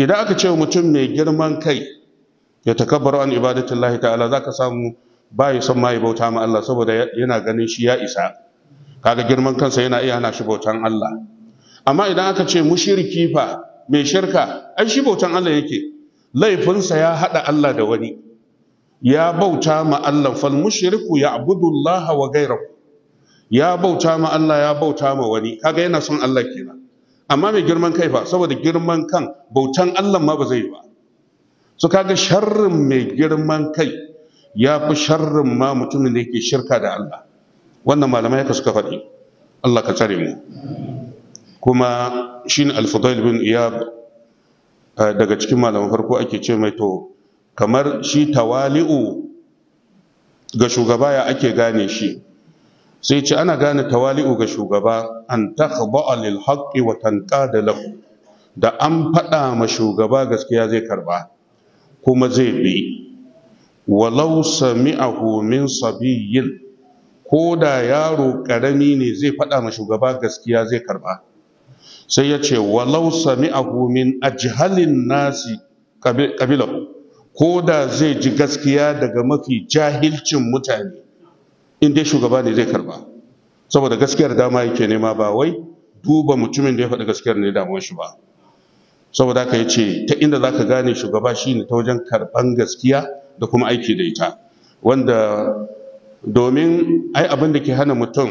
idan aka ce mutum mai girman kai ya takabbaru an ibadatullahi ta'ala za ka samu ba ya son ma bauta ma Allah saboda yana ganin shi ya isa kaga girman kansa yana iya hana shi bautan Allah amma idan aka ce mushriki fa mai shirka ai shi bautan Allah yake laifinsa ya hada Allah da wani ya bauta ma Allah fal mushriku ya'budu Allah wa ghayrahu ya bauta ma Allah ya bauta ma wani kaga yana son Allah kenan amma mai girman kai fa saboda girman kan bautan Allah ma ba zai ba so kaga sharrin mai girman kai ya fi sharrin ma mutumin da yake shirka da Allah wannan malamai haka suka faɗi Allah ka tsare mu kuma shine al-Fudail bin Iyab eh, daga cikin malaman farko ake ce mai to kamar shi tawali'u ga shugaba ya ake gane shi sai ce ana gane tawali'u ga shugaba an takhba'a lil haqqi wa da lahu da an faɗa ma shugaba gaskiya zai karba kuma zai bi walau sami'ahu min yin, ko da yaro ƙarami ne zai faɗa ma shugaba gaskiya zai karba sai ya ce walau sami'ahu min ajhalin nasi ƙabilar ko da zai ji gaskiya daga mafi jahilcin mutane in dai shugaba ne zai karba saboda gaskiyar dama yake nema ba wai duba mutumin da ya faɗi gaskiyar ne damuwar shi ba saboda ka ce ta inda za ka gane shugaba shi ne ta wajen karban gaskiya da kuma aiki da ita wanda domin ai abin da ke hana mutum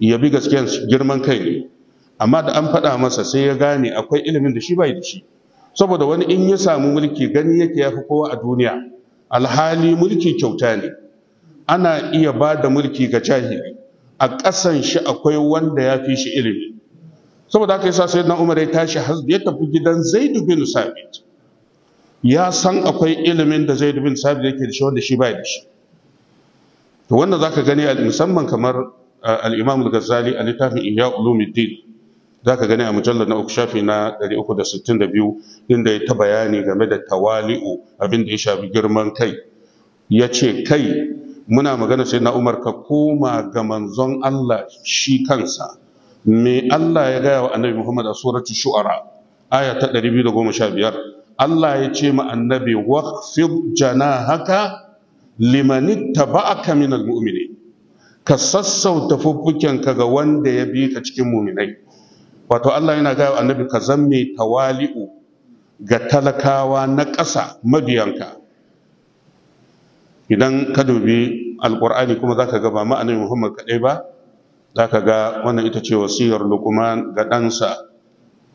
ya bi gaskiyar girman kai ne amma da an faɗa masa sai ya gane akwai ilimin da shi bai da shi saboda wani in ya samu mulki gani yake fi kowa a duniya alhali mulki kyauta ne ana iya ba da mulki ga jahili a ƙasan shi akwai wanda ya fi shi ilimi saboda haka yasa sayyidina Umar ya tashi ya tafi gidan zaidu bin Sabit ya san akwai ilimin da zaidu bin Sabit yake da shi wanda shi ba da shi to wanda zaka gani musamman kamar al-Imam al-Ghazali a littafin Ihya Ulumuddin zaka gani a mujallar na uku shafi na 362 inda ya ta bayani game da tawali'u abin da ya shafi girman kai ya ce kai muna magana sai na umar ka koma ga manzon Allah shi kansa me Allah ya gaya wa annabi Muhammad a suratu shu'ara aya ta 215 Allah ya ce ma annabi waqfid janahaka liman ittaba'aka min almu'mini ka sassauta fuffukenka ga wanda ya bi ka cikin mu'minai wato Allah yana gaya wa annabi ka zamme tawali'u ga talakawa na ƙasa mabiyanka idan ka dubi alkur'ani kuma za ka ga ba ma'anar muhammad kaɗai ba za ka ga wannan ita ce wasiyar lukuman ga ɗansa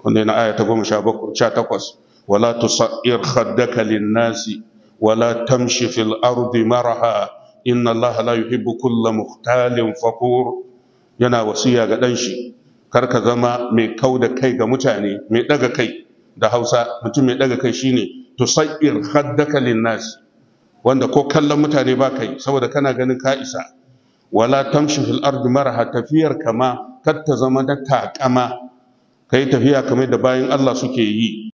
wanda yana aya ta goma sha takwas wala tusa'ir khaddaka linnasi wala tamshi fil ardi maraha inna allah la yuhibbu kulla muhtalin fakur yana wasiya ga ɗan shi kar ka zama mai kau da kai ga mutane mai ɗaga kai da hausa mutum mai ɗaga kai shine tusa'ir khaddaka linnasi wanda ko kallon mutane ba ka yi saboda kana ganin ka isa wala tamshi fil ardi maraha tafiyar kama kar ta zama da takama kai tafiya kamar da bayan Allah suke yi